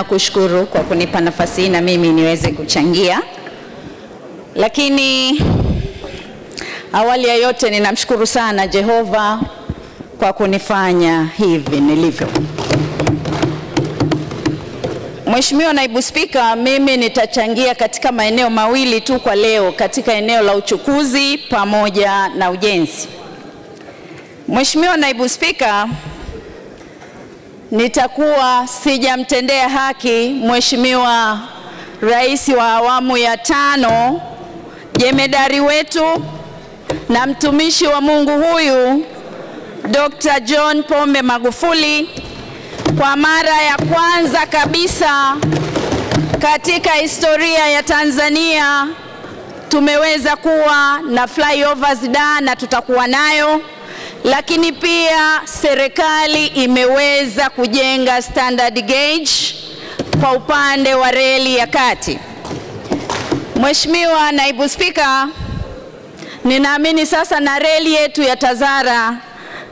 Nakushukuru kwa kunipa nafasi hii na mimi niweze kuchangia, lakini awali ya yote ninamshukuru sana Jehova kwa kunifanya hivi nilivyo. Mheshimiwa Naibu Spika, mimi nitachangia katika maeneo mawili tu kwa leo, katika eneo la uchukuzi pamoja na ujenzi. Mheshimiwa Naibu Spika, nitakuwa sijamtendea haki Mheshimiwa Rais wa awamu ya tano, jemedari wetu na mtumishi wa Mungu huyu Dr. John Pombe Magufuli kwa mara ya kwanza kabisa katika historia ya Tanzania tumeweza kuwa na flyovers da na tutakuwa nayo lakini pia serikali imeweza kujenga standard gauge kwa upande wa reli ya kati. Mheshimiwa Naibu Spika, ninaamini sasa na reli yetu ya Tazara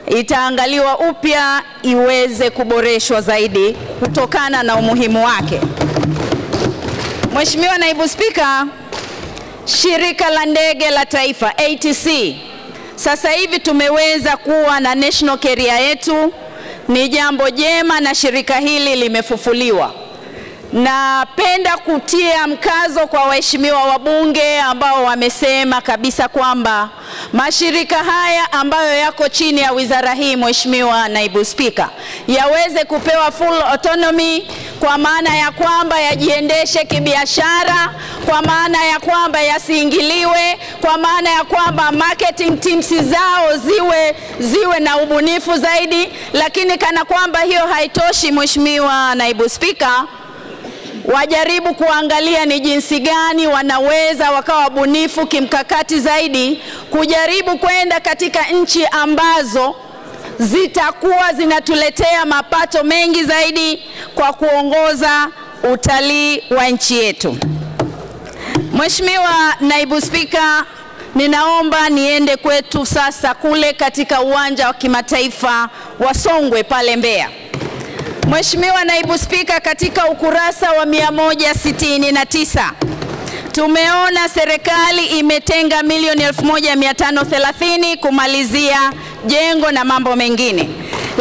itaangaliwa upya iweze kuboreshwa zaidi kutokana na umuhimu wake. Mheshimiwa Naibu Spika, shirika la ndege la taifa ATC sasa hivi tumeweza kuwa na national carrier yetu, ni jambo jema na shirika hili limefufuliwa. Napenda kutia mkazo kwa waheshimiwa wabunge ambao wamesema kabisa kwamba mashirika haya ambayo yako chini ya wizara hii, Mheshimiwa Naibu Spika, yaweze kupewa full autonomy kwa maana ya kwamba yajiendeshe kibiashara, kwa maana ya kwamba yasiingiliwe, kwa maana ya kwamba marketing teams zao ziwe, ziwe na ubunifu zaidi. Lakini kana kwamba hiyo haitoshi, Mheshimiwa Naibu Spika, wajaribu kuangalia ni jinsi gani wanaweza wakawa wabunifu kimkakati zaidi, kujaribu kwenda katika nchi ambazo zitakuwa zinatuletea mapato mengi zaidi, kwa kuongoza utalii wa nchi yetu. Mheshimiwa Naibu Spika, ninaomba niende kwetu sasa kule katika uwanja wa kimataifa wa Songwe pale Mbeya. Mheshimiwa Naibu Spika, katika ukurasa wa 169 tumeona serikali imetenga milioni 1530 kumalizia jengo na mambo mengine.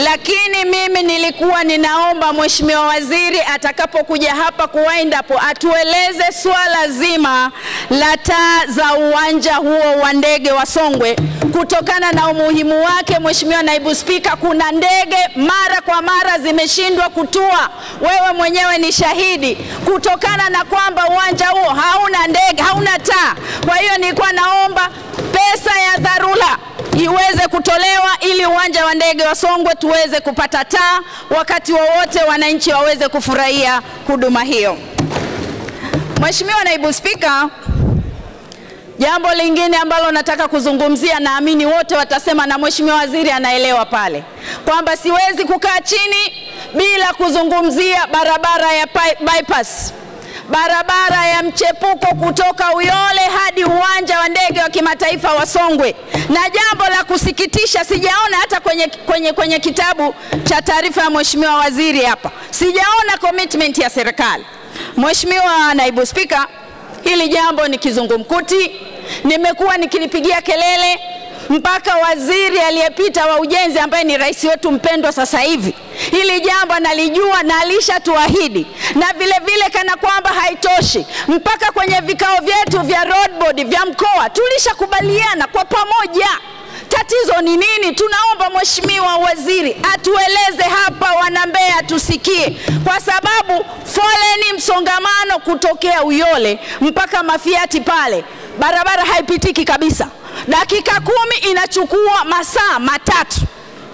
Lakini mimi nilikuwa ninaomba mheshimiwa waziri atakapokuja hapa kuwaindapo atueleze swala zima la taa za uwanja huo wa ndege wa Songwe kutokana na umuhimu wake. Mheshimiwa naibu spika, kuna ndege mara kwa mara zimeshindwa kutua, wewe mwenyewe ni shahidi, kutokana na kwamba uwanja huo hauna ndege, hauna taa. Kwa hiyo nilikuwa naomba pesa ya dharura iweze kutolewa ili uwanja wa ndege wa Songwe tuweze kupata taa wakati wowote, wa wananchi waweze kufurahia huduma hiyo. Mheshimiwa Naibu Spika, jambo lingine ambalo nataka kuzungumzia, naamini wote watasema na Mheshimiwa Waziri anaelewa pale kwamba siwezi kukaa chini bila kuzungumzia barabara ya bypass barabara ya mchepuko kutoka Uyole hadi uwanja wa ndege wa kimataifa wa Songwe. Na jambo la kusikitisha, sijaona hata kwenye, kwenye, kwenye kitabu cha taarifa ya mheshimiwa waziri hapa, sijaona commitment ya serikali. Mheshimiwa naibu Spika, hili jambo ni kizungumkuti, nimekuwa nikilipigia kelele mpaka waziri aliyepita wa ujenzi ambaye ni rais wetu mpendwa sasa hivi, hili jambo analijua na alishatuahidi, na vile vile kana kwamba haitoshi, mpaka kwenye vikao vyetu vya road board vya mkoa tulishakubaliana kwa pamoja tatizo ni nini? Tunaomba mheshimiwa waziri atueleze hapa, wana Mbeya tusikie, kwa sababu foleni, msongamano kutokea Uyole mpaka Mafiati pale, barabara haipitiki kabisa dakika kumi inachukua masaa matatu.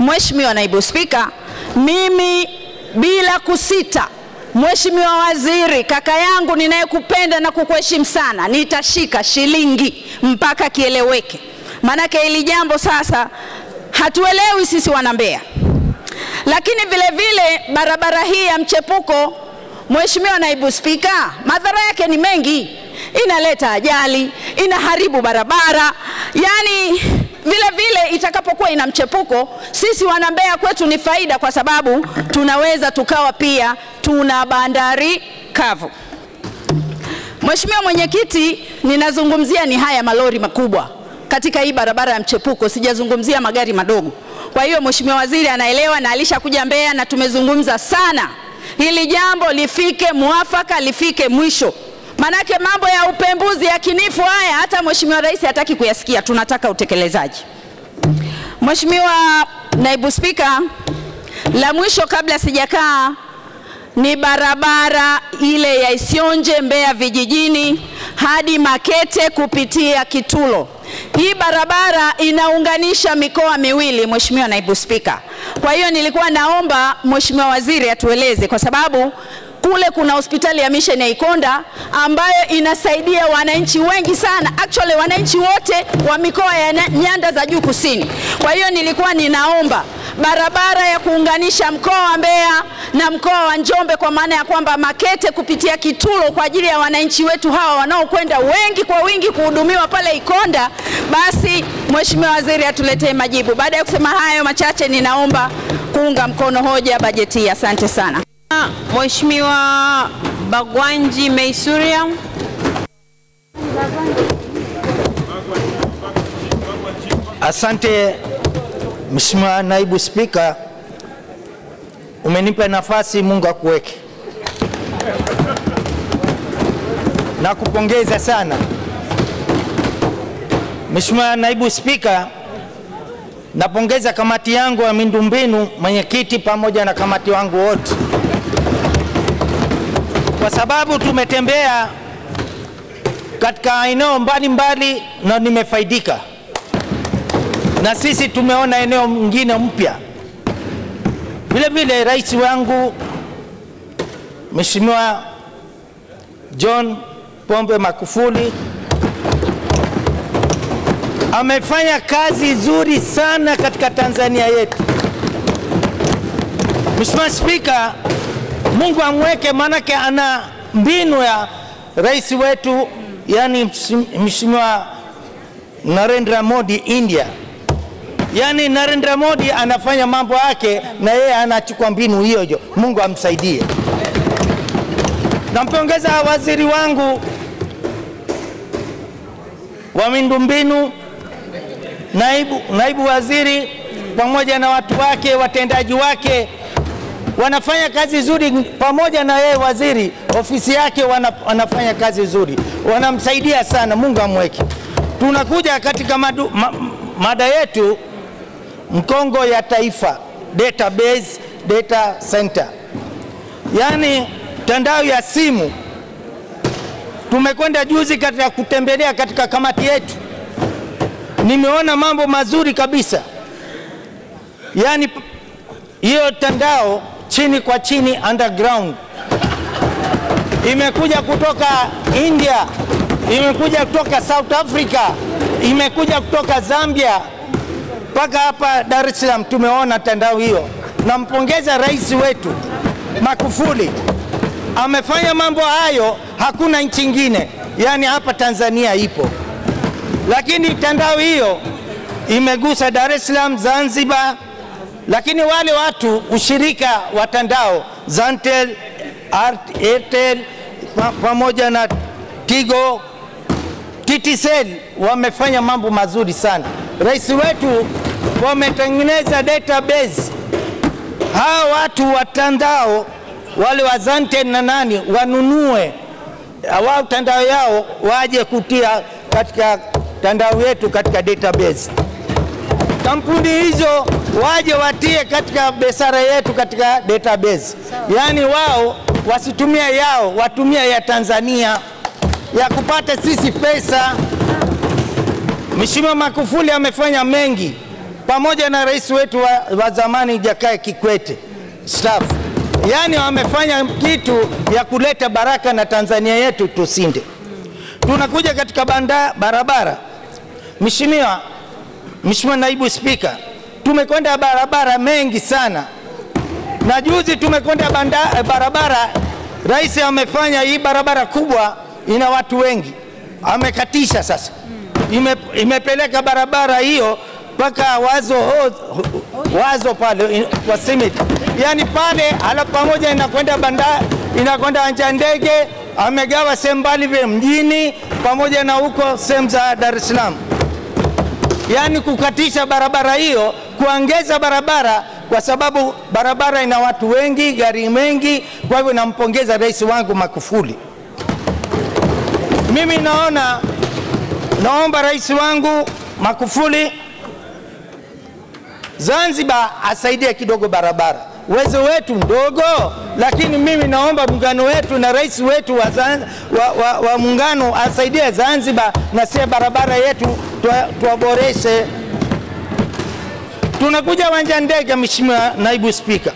Mheshimiwa Naibu Spika, mimi bila kusita Mheshimiwa Waziri, kaka yangu ninayekupenda na kukuheshimu sana, nitashika shilingi mpaka kieleweke, maanake hili jambo sasa hatuelewi sisi wanambea. Lakini vile vile barabara hii ya mchepuko, Mheshimiwa Naibu Spika, madhara yake ni mengi inaleta ajali, inaharibu barabara, yani vile vile itakapokuwa ina mchepuko, sisi wana Mbeya kwetu ni faida, kwa sababu tunaweza tukawa pia tuna bandari kavu. Mheshimiwa Mwenyekiti, ninazungumzia ni haya malori makubwa katika hii barabara ya mchepuko, sijazungumzia magari madogo. Kwa hiyo Mheshimiwa Waziri anaelewa na alishakuja Mbeya na tumezungumza sana, hili jambo lifike mwafaka, lifike mwisho. Manake mambo ya upembuzi ya kinifu haya hata mheshimiwa rais hataki kuyasikia, tunataka utekelezaji. Mheshimiwa naibu spika, la mwisho kabla sijakaa ni barabara ile ya Isionje Mbeya vijijini hadi Makete kupitia Kitulo. Hii barabara inaunganisha mikoa miwili, Mheshimiwa naibu spika. Kwa hiyo nilikuwa naomba Mheshimiwa waziri atueleze, kwa sababu kule kuna hospitali ya Mission ya Ikonda ambayo inasaidia wananchi wengi sana, actually wananchi wote wa mikoa ya nyanda za juu kusini. Kwa hiyo nilikuwa ninaomba barabara ya kuunganisha mkoa wa Mbeya na mkoa wa Njombe, kwa maana ya kwamba Makete kupitia Kitulo kwa ajili ya wananchi wetu hawa wanaokwenda wengi kwa wingi kuhudumiwa pale Ikonda, basi Mheshimiwa Waziri atuletee majibu. Baada ya kusema hayo machache, ninaomba kuunga mkono hoja bajeti. Asante sana. Mheshimiwa Bagwanji Meisuria. Asante Mheshimiwa Naibu Spika, umenipa nafasi, Mungu akuweke. Nakupongeza sana Mheshimiwa Naibu Spika. Napongeza kamati yangu ya miundombinu, mwenyekiti pamoja na kamati wangu wote kwa sababu tumetembea katika eneo mbalimbali na nimefaidika, na sisi tumeona eneo mwingine mpya vile vile. Rais wangu Mheshimiwa John Pombe Magufuli amefanya kazi nzuri sana katika Tanzania yetu. Mheshimiwa Spika, Mungu amweke, maanake ana mbinu ya rais wetu, yani mheshimiwa Narendra Modi India, yani Narendra Modi anafanya mambo yake na yeye anachukua mbinu hiyo hiyo. Mungu amsaidie. Nampongeza waziri wangu wa miundombinu, naibu, naibu waziri pamoja na watu wake, watendaji wake wanafanya kazi nzuri pamoja na yeye waziri, ofisi yake wanafanya kazi nzuri, wanamsaidia sana, Mungu amweke. Tunakuja katika madu, ma, mada yetu mkongo ya taifa database data center, yaani mtandao ya simu. Tumekwenda juzi katika kutembelea katika kamati yetu, nimeona mambo mazuri kabisa, yaani hiyo mtandao chini kwa chini, underground imekuja kutoka India, imekuja kutoka South Africa, imekuja kutoka Zambia mpaka hapa Dar es Salaam. Tumeona tandao hiyo. Nampongeza rais wetu Magufuli, amefanya mambo hayo, hakuna nchi ingine, yaani hapa Tanzania ipo. Lakini tandao hiyo imegusa Dar es Salaam, Zanzibar lakini wale watu ushirika wa tandao Zantel, Art, Airtel pamoja na Tigo, TTCL wamefanya mambo mazuri sana. Rais wetu wametengeneza database. Hawa watu wa tandao wale wa Zantel na nani wanunue wao tandao yao waje kutia katika tandao yetu katika database. Kampuni hizo waje watie katika besara yetu katika database, yaani wao wasitumia yao, watumia ya Tanzania ya kupata sisi pesa. Mheshimiwa Magufuli amefanya mengi pamoja na rais wetu wa, wa zamani Jakaya Kikwete staff, yaani wamefanya kitu ya kuleta baraka na Tanzania yetu tusinde. Tunakuja katika banda barabara, Mheshimiwa Mheshimiwa naibu spika tumekwenda barabara mengi sana, na juzi tumekwenda eh, barabara, rais amefanya hii barabara kubwa, ina watu wengi, amekatisha sasa, ime, imepeleka barabara hiyo mpaka wazo ho, wazo pale eh, kwa simiti, yani pale ala pamoja inakwenda banda inakwenda anja ndege, amegawa sehemu mbali vile mjini pamoja na huko sehemu za Dar es Salaam, yani kukatisha barabara hiyo kuongeza barabara, kwa sababu barabara ina watu wengi, gari mengi. Kwa hivyo nampongeza rais wangu Magufuli. Mimi naona naomba rais wangu Magufuli Zanzibar asaidie kidogo barabara. Uwezo wetu mdogo, lakini mimi naomba muungano wetu na rais wetu wa, wa, wa, wa muungano asaidie Zanzibar na sie barabara yetu tuwaboreshe. Tunakuja wanja ndege, Mheshimiwa Naibu Spika,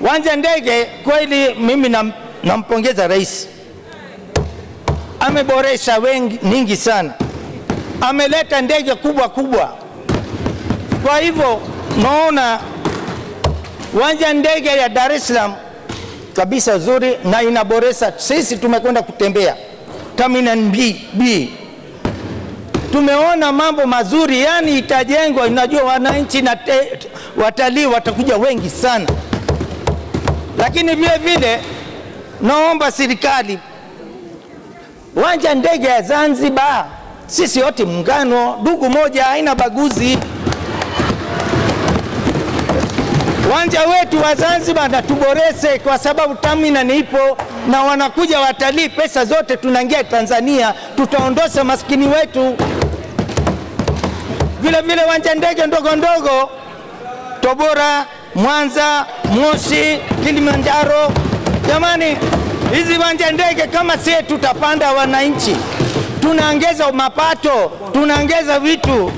wanja ndege kweli, mimi nampongeza na rais, ameboresha wengi nyingi sana, ameleta ndege kubwa kubwa. Kwa hivyo naona wanja ndege ya Dar es Salaam kabisa zuri na inaboresha. Sisi tumekwenda kutembea terminal B tumeona mambo mazuri, yani itajengwa. Unajua wananchi na watalii watakuja wengi sana, lakini vile vile naomba serikali, uwanja ndege ya Zanzibar, sisi wote muungano, ndugu moja, haina baguzi. Uwanja wetu wa Zanzibar na tuborese, kwa sababu tamina ipo na wanakuja watalii, pesa zote tunaingia Tanzania, tutaondosha maskini wetu vile vile wanja ndege ndogo ndogo tobora Mwanza, Moshi, Kilimanjaro. Jamani, hizi wanja ndege kama sie tutapanda, wananchi tunaongeza mapato, tunaongeza vitu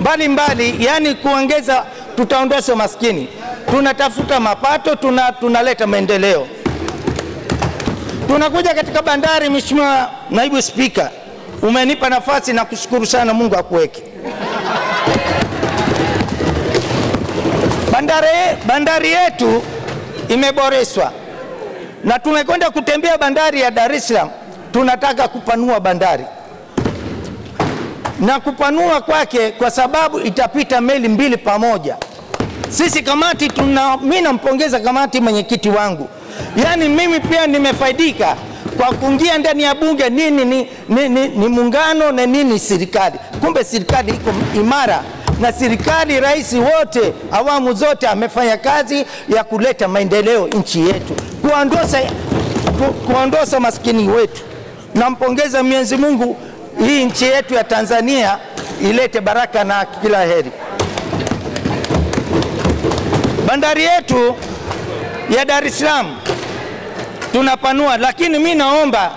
mbalimbali mbali, yani kuongeza, tutaondosha maskini, tunatafuta mapato, tuna tunaleta maendeleo. Tunakuja katika bandari. Mheshimiwa Naibu Spika, umenipa nafasi na kushukuru sana, Mungu akuweke Bandari, bandari yetu imeboreshwa na tumekwenda kutembea bandari ya Dar es Salaam. Tunataka kupanua bandari na kupanua kwake, kwa sababu itapita meli mbili pamoja. Sisi kamati tuna, mimi nampongeza kamati mwenyekiti wangu, yaani mimi pia nimefaidika kwa kuingia ndani ya bunge nini ni, ni, ni, ni muungano na nini serikali. Kumbe serikali iko imara na serikali, rais wote awamu zote amefanya kazi ya kuleta maendeleo nchi yetu, kuondosa kuondosa maskini wetu. Nampongeza Mwenyezi Mungu, hii nchi yetu ya Tanzania ilete baraka na kila heri. Bandari yetu ya Dar es Salaam tunapanua, lakini mi naomba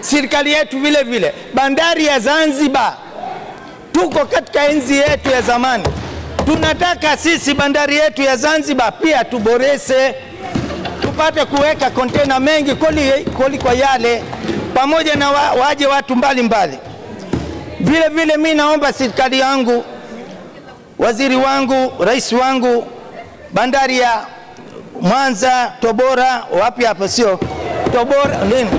serikali yetu vile vile, bandari ya Zanzibar, tuko katika enzi yetu ya zamani, tunataka sisi bandari yetu ya Zanzibar pia tuboreshe, tupate kuweka kontena mengi koli kwa yale, pamoja na wa, waje watu mbalimbali mbali. Vile vile mi naomba serikali yangu, waziri wangu, rais wangu, bandari ya Mwanza, tobora wapi hapo sio Tabora, nini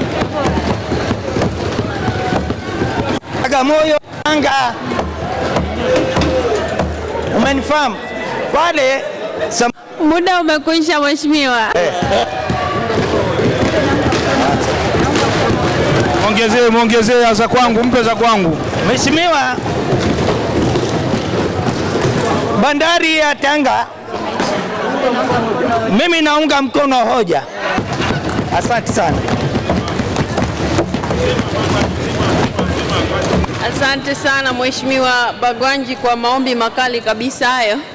Bagamoyo, Tanga, umenifahamu pale. Muda umekwisha mheshimiwa. Ongezee, muongezee za kwangu, mpe za kwangu mheshimiwa. Bandari ya Tanga, mimi naunga mkono hoja Asante sana. Asante sana Mheshimiwa Bagwanji kwa maombi makali kabisa hayo.